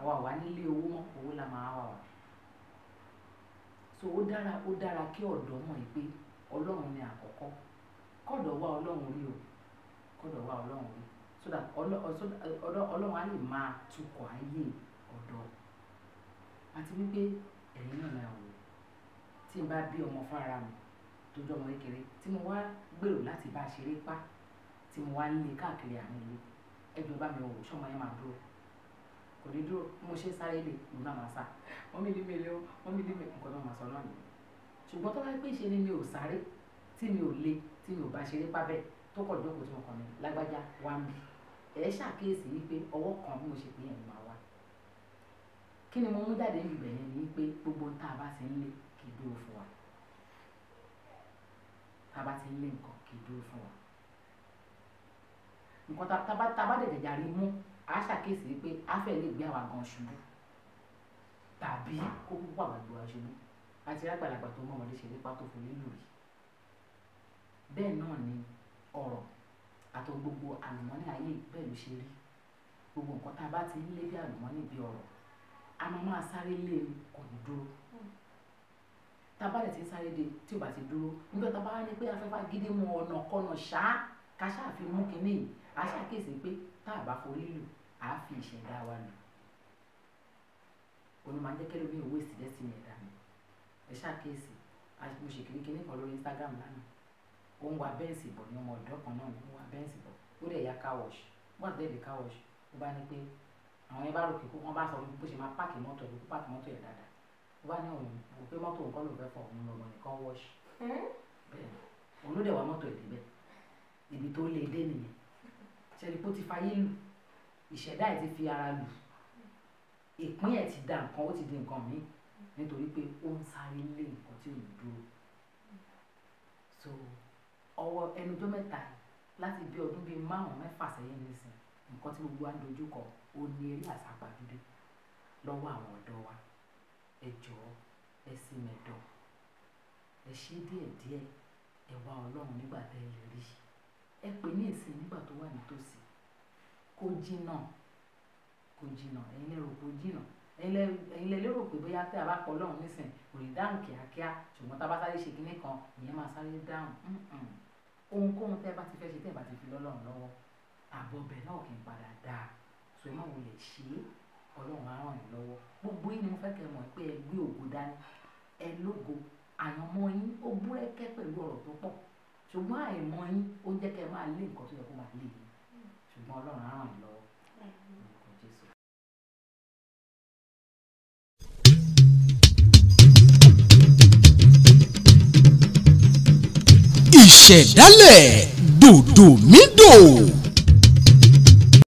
àwa wà nílé owó mọ́ owó la máa wà wá so ó dára ó dára kí ọ̀dọ́ mọ̀ pé ọlọ́run ni àkọ́kọ́ kọ́dọ̀ wá ọlọ́run rí o kọ́dọ̀ wá ọlọ́run rí so that ọlọ́run á lè máa tukọ̀ ayé ọ̀dọ́ àti wípé ẹ̀yin náà la wò tí n bá bí ọmọ fara mi tó jọ ọmọ kékeré tí mo wá gbèrò láti bá ṣeré pa tí mo wá ń lé káàkiri àárín ìlú ẹgbẹ́ bá mi wò sọ́mọ yẹn máa dúró kò ní dúró mo ṣe sáré lè mo náà máa sá wọ́n mi dí mi lé wọ́n mi dí mi nǹkan náà máa sọ náà ṣùgbọ́n tó bá pè ṣe ni mi ò sáré tí mi ò le tí mi ò bá ṣeré pábẹ́ tó kọ̀ jókòó tí mo kàn mí lágbájá wá mi ẹ̀ ṣàkíyèsí wípé ọwọ́ kan bí mo ṣe pín ẹ̀mí máa wá kí ni mo mú jáde níbẹ̀ yẹn ni pé gbogbo tá a bá ti ń lé kì í dúró fún wa tá a bá ti ń lé nǹkan kì í dúró fún wa nǹkan tá a bá tètè a ṣàkíyèsí wípé a fẹ́ lè gbé àwa gan ṣubú tàbí kó púpọ̀ àwọn àgbà ṣubú àti àgbàlagbà tó mọ ọmọdé ṣe nípa tó forí lù rí bẹ́ẹ̀ náà ni ọ̀rọ̀ àtọ gbogbo àlùmọ́nì ayé bẹ́ẹ̀ ló ṣe rí gbogbo nǹkan tá a bá ti ń lé bí àlùmọ́nì bí ọ̀rọ̀ a máa máa sáré lé e kò ní dúró tá a bá lè ti sáré de tí o bá ti dúró nígbà tá a bá wá ní pé afẹ́fà gidi mu ọ̀nà kọ́nà ṣáá ká ṣáà fi mú kinní yìí a ṣàkíyèsí pé tá a bá forí lù a fi ìṣẹ̀dá wa lò olùmọ̀ ajẹ́kẹ́ lómi ìwé ìsìlẹ̀ sí mi ẹ̀dá mi ẹ ṣàkíyèsí mo ṣe kìnnìkìnnì kan lórí Instagram lánàá ó ń wa bẹ́ǹsì bọ̀ ní ọmọ ọ̀dọ́ kan náà ń wa bẹ́ǹsì bọ̀ ó dẹ̀ ya car wash wọ́n àti dẹ́ẹ̀dẹ̀ car wash ó bá ní pé àwọn yẹn bá rò kíkó wọ́n bá sọ bó ṣe máa páàkì mọ́tò ló kó páàkì mọ́tò yẹn dáadáa ó bá ní òun mo pé mọ́tò nǹkan ló fẹ́ fọ òun lọ́mọ nìkan wash hmm? bẹ́ẹ̀ òun ló dẹ̀ wa mọ́tò ẹ̀ débẹ̀ tó le dé nìyẹn ṣẹ́ni pó ti fayé lù ìṣẹ̀dá ẹ̀ ti fi ara lù ìpín ẹ̀ ti da nǹkan ó ti di nǹkan míì nítorí pé ó ń sáré lé nǹkan tí ò ń dúró so ọwọ́ ẹnujọ́ mẹ́ta láti bí ọdún bíi márùn-ún mẹ́fà sẹ́yìn nísìn nǹkan tí gbogbo wa ń dojú kọ ó ní eré àsápajúdé lọ́wọ́ àwọn ọ̀dọ́ wa ẹ jọ̀ọ́ ẹ sì mẹ́dọ̀ ẹ ṣe díẹ̀díẹ̀ ẹ wá ọlọ́run nígbà tẹ́ ẹ lè rí ẹ pè ní ìsìn nígbà tó wà nítòsí kò jìnnà kò jìnnà ẹ̀yin lẹ́rù kò jìnnà ẹ̀yin lẹ́ lérò pé bóyá tẹ́ a bá pọ̀ lọ́hùn nísìn kò lè dáhùn kíákíá ṣùgbọ́n tá a bá sáré ṣe kinní kan ìyẹn máa sáré dáhùn ohunkóhun tẹ́ bá ti fẹ́ ṣe tẹ́ bá ti fi lọ́lọ́run lọ́wọ́ àbọ̀ náà kì í padà dáa sọ ẹ má wulẹ̀ ṣe é ọlọ́run á ràn yín lọ́wọ́ gbogbo yín ni mo fẹ́ kẹ́ mọ̀ pé ẹ gbé ògo dání ẹ lógo àyànmọ́ yín ó búrẹ́kẹ́ pẹ̀lú ọ̀rọ̀ tó pọ̀ ṣùgbọ́n àìmọ̀ yín ó jẹ́ kẹ́ máa lé nǹkan tó yẹ kó máa lé yín ṣùgbọ́n ọlọ́run á ràn yín lọ́wọ́ orúkọ jésù. ìṣẹ̀dálẹ̀ dòdò mídò.